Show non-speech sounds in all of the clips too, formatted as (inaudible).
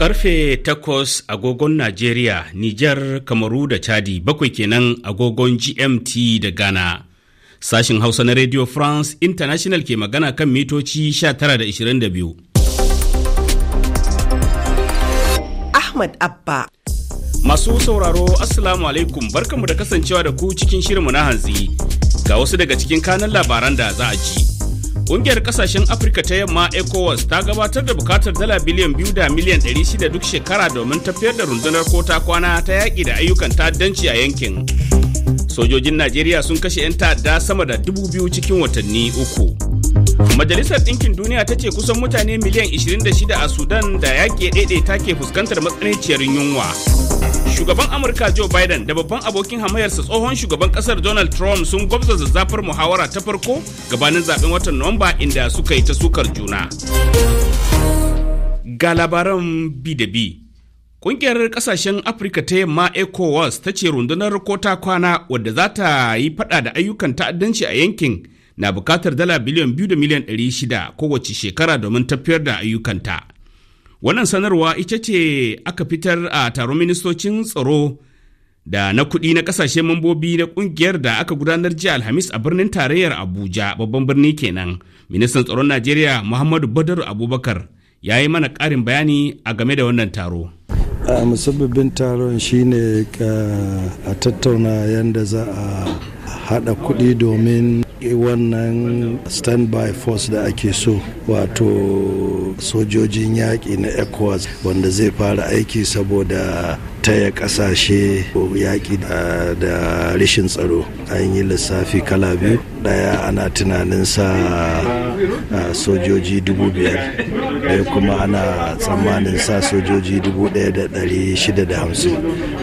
Karfe takwas agogon Najeriya, Nijar, Kamaru da Chadi bakwai kenan agogon GMT da Ghana. Sashin Hausa na Radio France International ke magana kan mitoci 19.22. Ahmad Abba Masu sauraro Assalamu alaikum barkanmu da kasancewa da ku cikin shirinmu na hanzi ga wasu daga cikin kanan labaran da za a ji. Ƙungiyar ƙasashen Afirka ta yamma ECOWAS ta gabatar da bukatar dala biliyan biyu da miliyan ɗari shida duk shekara domin tafiyar da rundunar ko ta kwana ta yaƙi da ayyukan ta'addanci a yankin. Sojojin Najeriya sun kashe 'yan ta'adda sama da dubu biyu cikin watanni uku. Majalisar Ɗinkin Duniya ta ce kusan mutane miliyan shida a Sudan da yaƙi ɗaiɗaita ke fuskantar matsananciyar yunwa. shugaban amurka joe biden da babban abokin hamayarsa tsohon shugaban kasar donald trump sun gwabza zazzafar muhawara ta farko gabanin zaben watan nuwamba inda suka yi ta sukar juna ga labaran bi da Ƙungiyar ƙasashen Afirka ta yamma ECOWAS ta ce rundunar kota kwana wadda za ta yi fada da ayyukan ta'addanci a yankin na bukatar dala biliyan biyu da miliyan 600 kowace shekara domin tafiyar da ayyukanta. Wannan sanarwa ita ce aka fitar a taron ministocin tsaro da na kuɗi na ƙasashen mambobi na ƙungiyar da aka gudanar jiya Alhamis a birnin tarayyar Abuja babban birni kenan. Ministan tsaron Najeriya Muhammadu Badar Abubakar ya yi mana ƙarin bayani a game da wannan taro. a musabbabin taron shine eh, a tattauna yadda za a haɗa kuɗi domin yaƙi eh, wannan standby force da ake so wato sojojin yaƙi na ecowas wanda zai fara aiki saboda taya kasashe yaƙi da rashin tsaro an yi lissafi kala biyu ɗaya ana tunanin sa sojoji dubu biyar ɗaya kuma ana tsammanin sa sojoji dubu ɗaya da ɗari shida da hamsin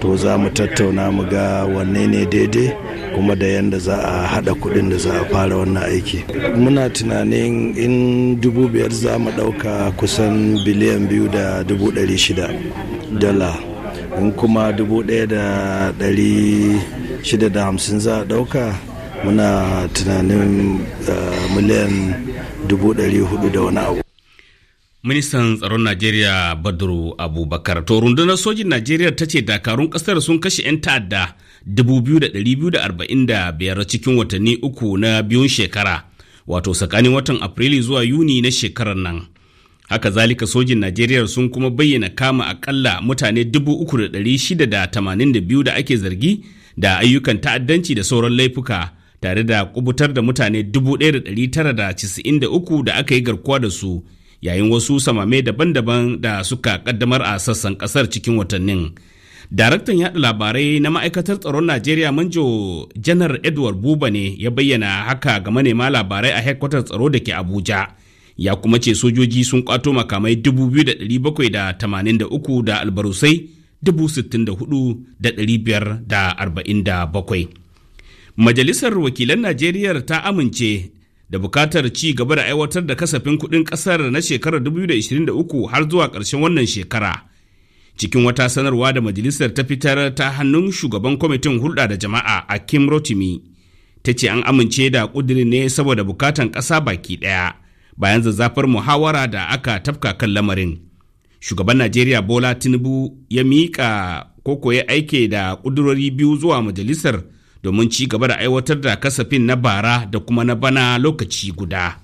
to za mu tattauna mu ga wanne ne daidai kuma da yadda za a haɗa kuɗin da za a fara wannan aiki muna tunanin in dubu biyar za mu ɗauka kusan biliyan biyu da dubu ɗari shida dala in kuma 1,650 za a ɗauka muna tunanin eh, miliyan 400 da wani abu ministan tsaron najeriya badru abubakar to rundunar sojin najeriya ta ce dakarun kasar sun kashe 'yan ta'adda 2,245 cikin watanni uku na biyun shekara wato tsakanin watan afrilu zuwa yuni na shekarar nan haka zalika sojin najeriya sun kuma bayyana kama akalla mutane 3,682 da ake zargi da ayyukan ta'addanci da sauran laifuka tare da kubutar da mutane 1,993 da aka yi garkuwa da su yayin wasu samame daban-daban da suka kaddamar a sassan kasar cikin watannin daraktan yada labarai na ma'aikatar tsaron najeriya manjo janar edward buba ne ya bayyana haka ga manema labarai a headquarter tsaro da ke abuja ya kuma ce sojoji sun kwato makamai 2,783 da albarusai 64,547 majalisar wakilan najeriya ta amince da bukatar ci gaba da aiwatar da kasafin kuɗin ƙasar na shekarar 2023 har zuwa ƙarshen wannan shekara cikin wata sanarwa da majalisar ta fitar ta hannun shugaban kwamitin hulɗa da jama'a a kim rotimi ta ce an amince da ƙudurin ne saboda bukatan ƙasa baki ɗaya bayan zazzafar muhawara da aka tafka kan lamarin shugaban najeriya bola tinubu ya miƙa koko ya aike da ƙudurori biyu zuwa majalisar domin ci gaba da aiwatar da kasafin na bara da kuma na bana lokaci guda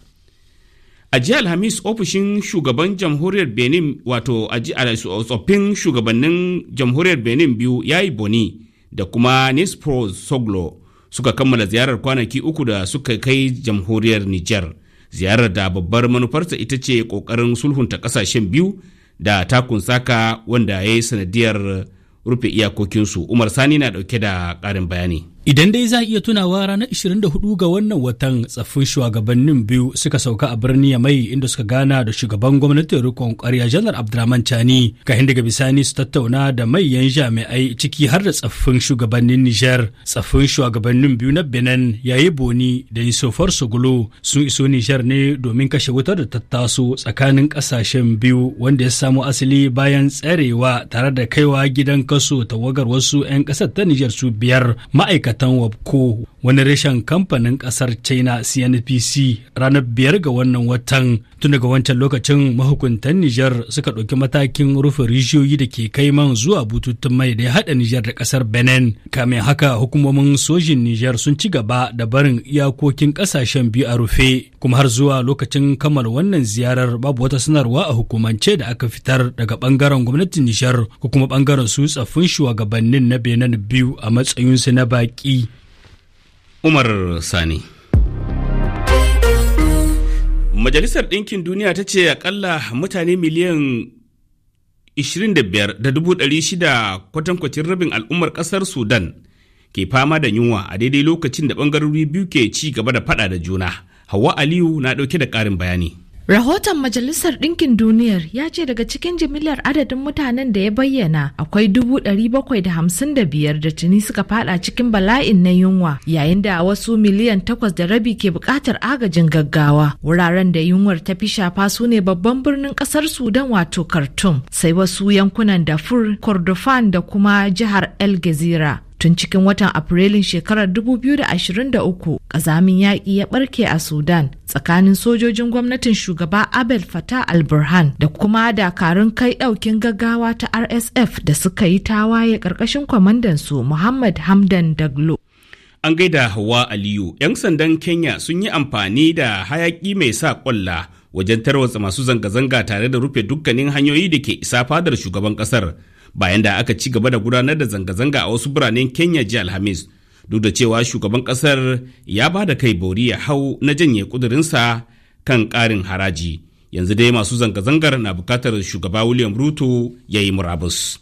a jiya alhamis ofishin shugaban jamhuriyar benin wato a tsoffin shugabannin jamhuriyar benin biyu ya yi boni da kuma nispros soglo suka kammala ziyarar kwanaki uku da suka kai jamhuriyar nijar. ziyarar da babbar manufarsa ita ce ƙoƙarin sulhunta ƙasashen biyu da takun saka wanda ya yi sanadiyar rufe iyakokinsu umar sani na ɗauke da ƙarin bayani Idan dai za iya tunawa ranar 24 ga wannan watan tsaffin shugabannin biyu suka sauka a birni mai inda suka gana da shugaban gwamnatin rikon kwarya janar Abdulrahman Chani kahin daga bisani su tattauna da mayan jami'ai ciki har da tsaffin shugabannin Nijar tsaffin shugabannin biyu na Benin yayi Boni da Isofar gulo sun iso Nijar ne domin kashe wutar da tattaso tsakanin kasashen biyu wanda ya samo asali bayan tsarewa tare da kaiwa gidan kaso tawagar wasu 'yan kasar ta Nijar su biyar ma'aikata ma'aikatan wabko wani reshen kamfanin kasar china cnpc ranar biyar ga wannan watan tun daga wancan lokacin mahukuntan niger suka ɗauki matakin rufe rijiyoyi da ke kai man zuwa bututun mai da ya haɗa niger da ƙasar benin kamin haka hukumomin sojin niger sun ci gaba da barin iyakokin ƙasashen biyu a rufe kuma har zuwa lokacin kammala wannan ziyarar babu wata sanarwa a hukumance da aka fitar daga bangaren gwamnatin niger ko kuma bangaren su tsaffin shugabannin na benin biyu a matsayinsu na baki baki umar sani majalisar ɗinkin duniya ta ce akalla mutane miliyan 25,600 kwatankwacin rabin al'ummar ƙasar sudan ke fama da yunwa a daidai lokacin da ɓangarori biyu ke ci gaba da faɗa da juna hawa aliyu na ɗauke da ƙarin bayani Rahoton Majalisar Ɗinkin Duniyar ya ce daga cikin jimillar adadin mutanen da ya bayyana akwai dubu ɗari bakwai da hamsin da biyar da tuni suka fada cikin bala'in na yunwa yayin da wasu miliyan takwas da rabi ke buƙatar agajin gaggawa. Wuraren da yunwar ta fi shafa su ne babban birnin ƙasar Sudan wato Khartoum sai wasu yankunan dafur Kordofan da kuma jihar El Gezira. tun cikin watan afrilun shekarar 2023 kazamin yaƙi ya ɓarke a sudan tsakanin sojojin gwamnatin shugaba abel fatah al da kuma dakarun kai ɗaukin gaggawa ta rsf da suka yi tawaye ƙarƙashin kwamandansu muhammad hamdan daglo an gaida hawa aliyu 'yan sandan kenya sun yi amfani da hayaƙi mai sa ƙwalla wajen tarwatsa masu zanga-zanga tare da rufe dukkanin hanyoyi da ke isa fadar shugaban ƙasar bayan da aka ci gaba da gudanar da zanga-zanga a wasu biranen Kenya ji Alhamis. Duk da cewa shugaban kasar ya ba da kai bori ya hau na janye kudurinsa kan karin haraji. Yanzu dai masu zanga-zangar na bukatar shugaba William Ruto ya yi murabus.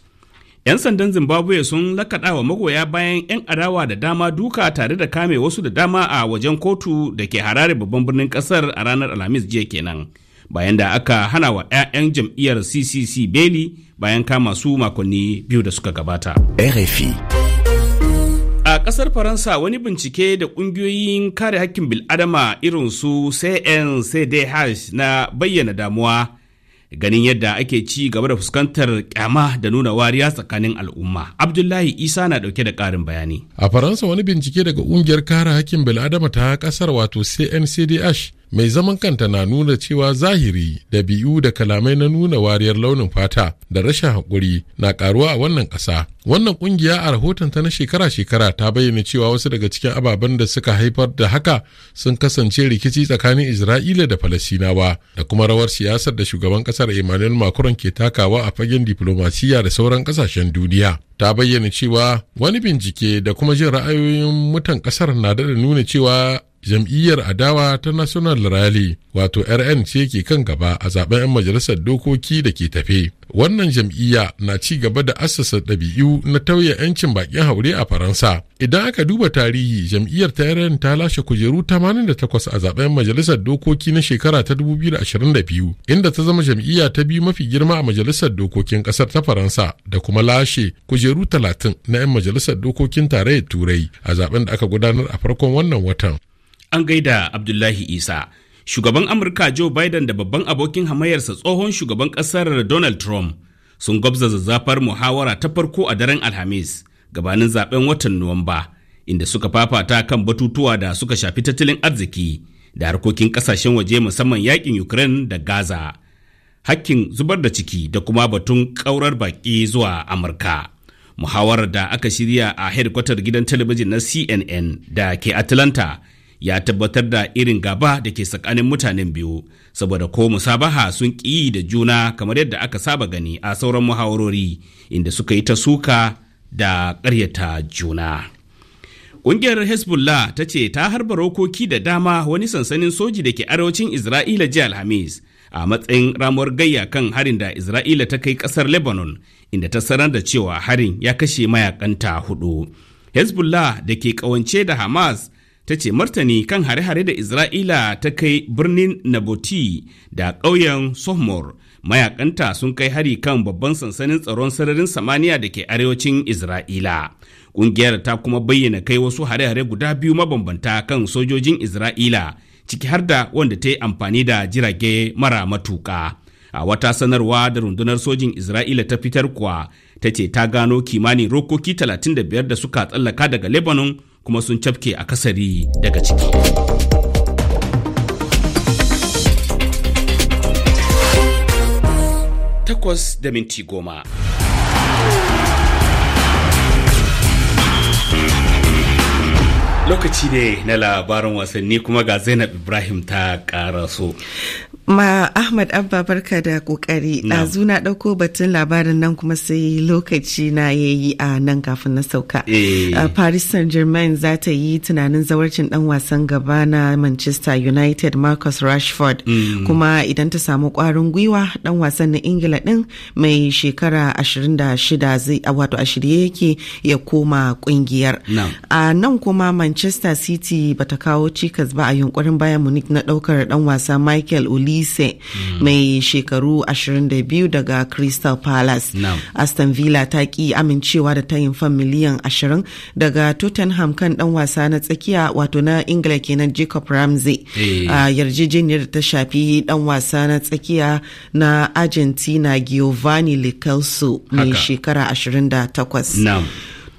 'Yan sandan Zimbabwe sun lakaɗa wa magoya bayan 'yan adawa da dama duka tare da kame wasu da dama a wajen kotu da ke harare babban birnin kasar a ranar Alhamis jiya kenan. bayan da aka hana wa 'ya'yan jam'iyyar ccc beli bayan kama su makonni biyu da suka gabata rfi a kasar faransa wani bincike da kungiyoyin kare hakkin bil'adama irin su cncdh na bayyana damuwa ganin yadda ake ci gaba da fuskantar kyama da nuna wariya tsakanin al'umma abdullahi isa na dauke da karin bayani a faransa wani bincike daga kungiyar kare hakkin bil'adama ta kasar wato cncdh mai zaman kanta na nuna cewa zahiri dabi'u da kalamai na nuna wariyar launin fata da rashin haƙuri na ƙaruwa a wannan ƙasa wannan ƙungiya a rahoton ta na shekara-shekara ta bayyana cewa wasu daga cikin ababen da suka haifar da haka sun kasance rikici tsakanin isra'ila da falasinawa da kuma rawar siyasar da shugaban ƙasar emmanuel macron ke takawa a fagen diplomasiya da sauran ƙasashen duniya ta bayyana cewa wani bincike da kuma jin ra'ayoyin mutan ƙasar na daɗa nuna cewa jam'iyyar adawa ta national rally wato rn ce ke kan gaba a zaben 'yan majalisar dokoki da ke tafe wannan jam'iyya na ci gaba da assasa ɗabi'u na tauye 'yancin bakin haure a faransa idan aka duba tarihi jam'iyyar ta rn ta lashe kujeru 88 a zaben majalisar dokoki na shekara ta 2022 inda ta zama jam'iyya ta biyu mafi girma a majalisar dokokin ƙasar ta faransa da kuma lashe kujeru 30 na 'yan majalisar dokokin tarayyar turai a zaben da aka gudanar a farkon wannan watan an gaida Abdullahi Isa. Shugaban Amurka Joe Biden da babban abokin hamayarsa tsohon shugaban ƙasar Donald Trump sun gwabza zazzafar muhawara ta farko a daren Alhamis gabanin zaben watan Nuwamba, inda suka fafata kan batutuwa da suka shafi tattalin arziki da harkokin ƙasashen waje musamman yakin Ukraine da Gaza. Hakkin zubar da ciki da kuma batun ƙaurar baƙi zuwa Amurka. muhawarar da aka shirya a hedkwatar gidan talabijin na CNN da ke Atlanta ya tabbatar da irin gaba da ke tsakanin mutanen biyu saboda ko musabaha sun ƙi da juna kamar yadda aka saba gani a sauran muhawarori inda suka yi ta suka da ƙaryata juna ƙungiyar hezbollah ta ce ta harba rokoki da dama wani sansanin soji da ke arewacin isra'ila jiya alhamis a matsayin ramuwar gayya kan harin da isra'ila ta kai ƙasar lebanon inda ta sanar da cewa harin ya kashe mayakanta hudu hezbollah da ke ƙawance da hamas ta ce martani kan hare-hare da Isra'ila ta kai birnin Naboti da ƙauyen Sohmor. Mayakanta sun kai hari kan babban sansanin tsaron sararin samaniya da ke arewacin Isra'ila. Ƙungiyar ta kuma bayyana kai wasu hare-hare guda biyu mabambanta kan sojojin Isra'ila, ciki har da wanda ta yi amfani da jirage mara matuƙa. a wata sanarwa da rundunar sojin isra'ila ta fitar kuwa ta ce ta gano kimanin rokoki 35 da suka tsallaka daga lebanon kuma sun cafke kasari daga ciki takwas da minti goma lokaci ne na labarin wasanni kuma ga zainab ibrahim ta so. ma ahmad abba barka da kokari ɗazu na ɗauko batun labarin nan kuma sai lokaci na ya yi a nan kafin na sauka eh. A paris saint germain za ta yi tunanin zawarcin dan wasan gaba na manchester united marcus rashford mm. kuma idan ta samu ƙwarin gwiwa dan wasan na ingila din mai shekara 26 wato a shirye yake ya koma ƙungiyar a nan kuma manchester Manchester City ba ta kawo cikas ba a yunkurin Bayern Munich na daukar dan wasa Michael Olise hmm. mai shekaru 22 daga Crystal Palace. Aston Villa ta ki amincewa da tayin fan miliyan 20 daga Tottenham kan dan wasa na tsakiya wato na Ingila kenan Jacob Ramsey. Eh. a yarjejeniyar da ta shafi dan wasa na tsakiya na Argentina Giovanni Lo mai shekara 28.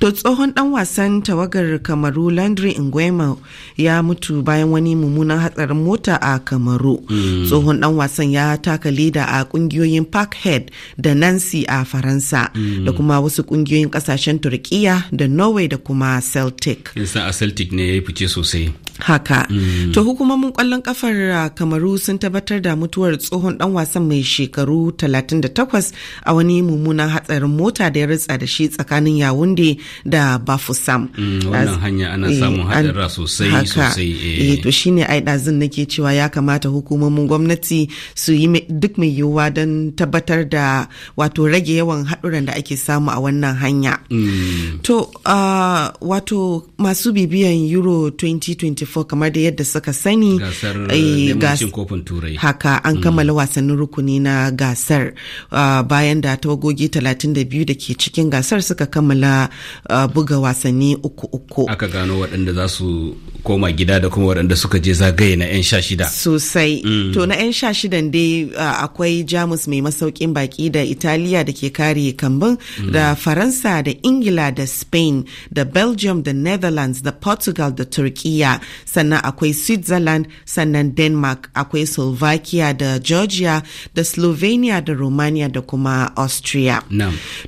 To tsohon dan wasan tawagar Kamaru Landry Nguema ya mutu bayan wani mummunan hatsarin mota a Kamaru. Hmm. Tsohon dan wasan ya taka leda a kungiyoyin Parkhead da Nancy a Faransa hmm. da kuma wasu kungiyoyin kasashen Turkiya da Norway da kuma Celtic. Yasa a Celtic ne ya yi fice sosai. haka mm. to hukumomin kwallon kafar uh, kamaru sun tabbatar da mutuwar tsohon dan wasan mai shekaru 38 a wani mummunan hatsarin mota da ya ritsa da shi tsakanin yawunde da bafusam mm, wannan hanya ana eh, samun hadarra sosai sosai eh. eh to shine ai dazin nake cewa ya kamata hukumomin gwamnati su yi duk mai yiwuwa don tabbatar da wato rage yawan haduran da ake samu a wannan hanya mm. to uh, wato masu bibiyan euro 2020 2024 kamar da yadda suka sani gasar eh, eh, turai haka an mm. kammala wasannin rukuni na gasar ah, bayan da tawagogi 32 da ke cikin gasar suka kammala ah, buga wasanni uku uku aka gano waɗanda za su koma gida da kuma waɗanda suka je zagaye na 'yan sha shida. Sosai. Mm. To na 'yan sha shidan dai akwai Jamus mai masaukin baki da Italiya da ke kare kambun mm. da Faransa da Ingila da Spain da Belgium da Netherlands da Portugal da Turkiya sannan akwai Switzerland sannan Denmark akwai Slovakia da Georgia da Slovenia da Romania da kuma Austria.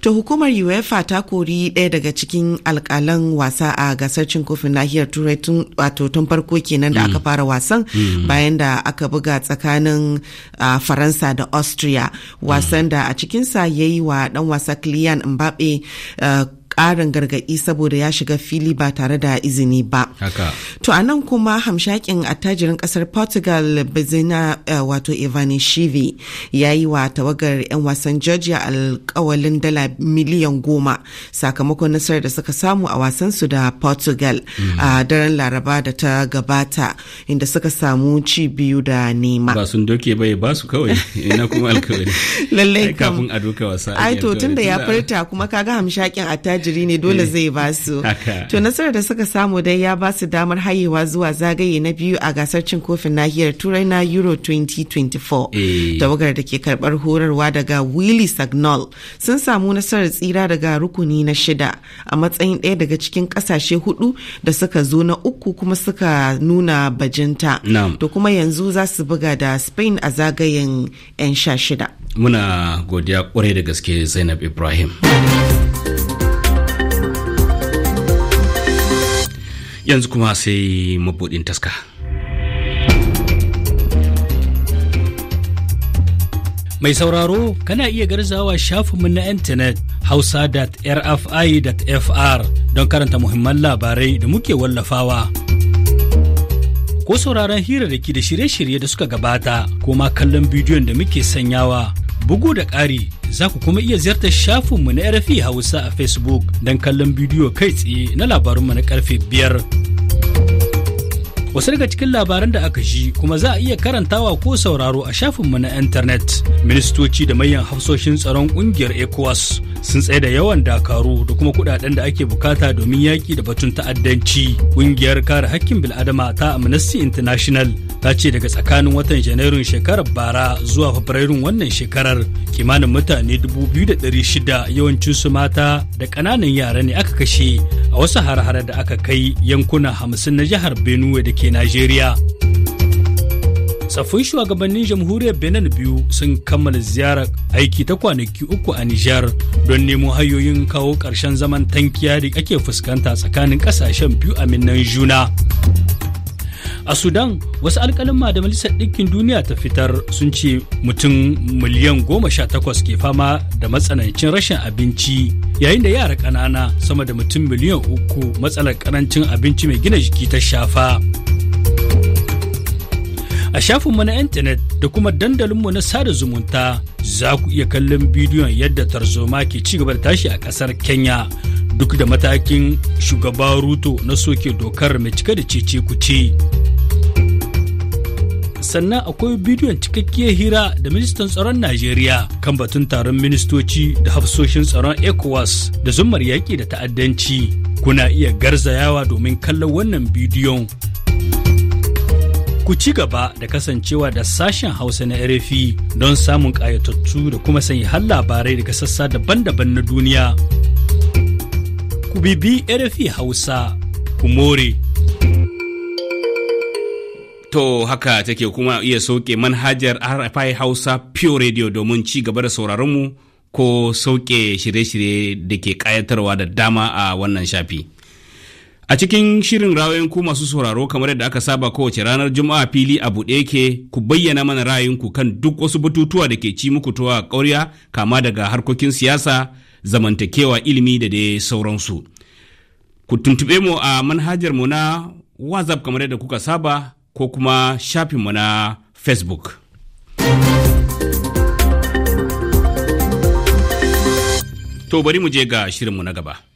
To hukumar UEFA ta kori ɗaya daga cikin alƙalan wasa a gasar cin kofin nahiyar Turai tun wato tun farko kenan da aka mm. fara wasan mm. bayan da aka buga tsakanin faransa da austria mm. wasan da a cikinsa ya yi wa dan wasa kiliyan mbappe ƙarin gargaɗi saboda ya shiga fili ba tare da izini ba. To a nan kuma hamshakin attajirin ƙasar Portugal Bizina eh, wato Shivi ya yi wa tawagar 'yan wasan Georgia alƙawalin dala miliyan goma sakamakon nasarar da suka samu a wasansu da Portugal mm. a daren Laraba da ta gabata inda suka samu ci biyu da nema. Ba sun doke bai ba su kawai ina kuma alƙawari. (laughs) Lallai Kafin a doka wasa. Ai to tunda ya furta kuma kaga hamshakin attajirin attajiri ne dole eh. zai ba su. (laughs) To nasarar da suka samu dai ya ba su damar hayewa zuwa zagaye na biyu a gasar cin kofin nahiyar Turai na Euro 2024. Eh. Tawagar da ke karbar horarwa daga Willy Sagnol sun samu nasarar tsira daga rukuni na shida a matsayin ɗaya daga cikin ƙasashe hudu da suka zo na uku kuma suka nuna bajinta. To kuma yanzu za su buga da Spain a zagayen 'yan sha shida. Muna godiya kwarai da gaske Zainab Ibrahim. yanzu kuma sai mabuɗin taska mai sauraro kana iya garzawa shafinmu na intanet hausa.rfi.fr don karanta muhimman labarai da muke wallafawa ko sauraron hira ke da shirye-shirye da suka gabata ko ma kallon bidiyon da muke sanyawa Bugu da ƙari za ku kuma iya ziyartar shafinmu na RFI Hausa a Facebook don kallon bidiyo kai tsaye na labarunmu na karfe biyar. Wasu daga cikin labaran da aka ji kuma za a iya karantawa ko sauraro a shafinmu na intanet. Ministoci da manyan hafsoshin tsaron kungiyar ECOWAS sun tsaye da yawan dakaru da kuma kudaden da ake bukata domin yaki da batun ta'addanci. Kungiyar kare hakkin bil'adama ta Amnesty International ta ce daga tsakanin watan Janairun shekarar bara zuwa Fabrairun wannan shekarar kimanin mutane dubu biyu da 2,600 su mata da ƙananan yara ne aka kashe a wasu har-hare da aka kai yankuna hamsin na jihar Benue da ke ke Najeriya. Tsaffin shugabannin jamhuriyar Benin biyu sun kammala ziyarar aiki ta kwanaki uku a Nijar don nemo hanyoyin kawo ƙarshen zaman tankiya da ake fuskanta tsakanin ƙasashen biyu a minnan juna. a sudan wasu alkalima da majalisar ɗinkin duniya ta fitar sun ce mutum miliyan goma sha takwas ke fama da matsanancin rashin abinci yayin da yara ƙanana sama da mutum miliyan uku matsalar ƙarancin abinci mai gina jiki ta shafa a shafinmu na intanet da kuma dandalinmu na sada zumunta za ku iya kallon bidiyon yadda tarzoma ke ci gaba da tashi a ƙasar kenya duk da matakin shugaba ruto na soke dokar mai cika da cece kuce sannan akwai bidiyon cikakkiyar hira da ministan tsaron najeriya kan batun taron ministoci da hafsoshin tsaron ecowas da zumar yaƙi da ta'addanci kuna iya garzayawa domin kallon wannan bidiyon Ku ci gaba da kasancewa da sashen Hausa na RFI don samun ƙayatattu da kuma sanya har labarai daga sassa daban-daban na duniya. ku bibi RFI Hausa, ku To haka take kuma iya sauke manhajar RFI Hausa Pure Radio domin ci gaba da sauraronmu ko sauke shirye-shirye da ke ƙayatarwa da dama a wannan shafi. A cikin shirin rawayin ku masu sauraro kamar yadda aka saba kowace ranar Juma'a fili a buɗe yake ku bayyana mana ra'ayinku kan duk wasu batutuwa da ke ci muku tuwa ƙauriya kama daga harkokin siyasa zamantakewa ilimi da dai sauransu ku tuntube mu a manhajar mu na whatsapp kamar yadda kuka saba ko kuma shafin mu na facebook to bari mu je ga shirinmu na gaba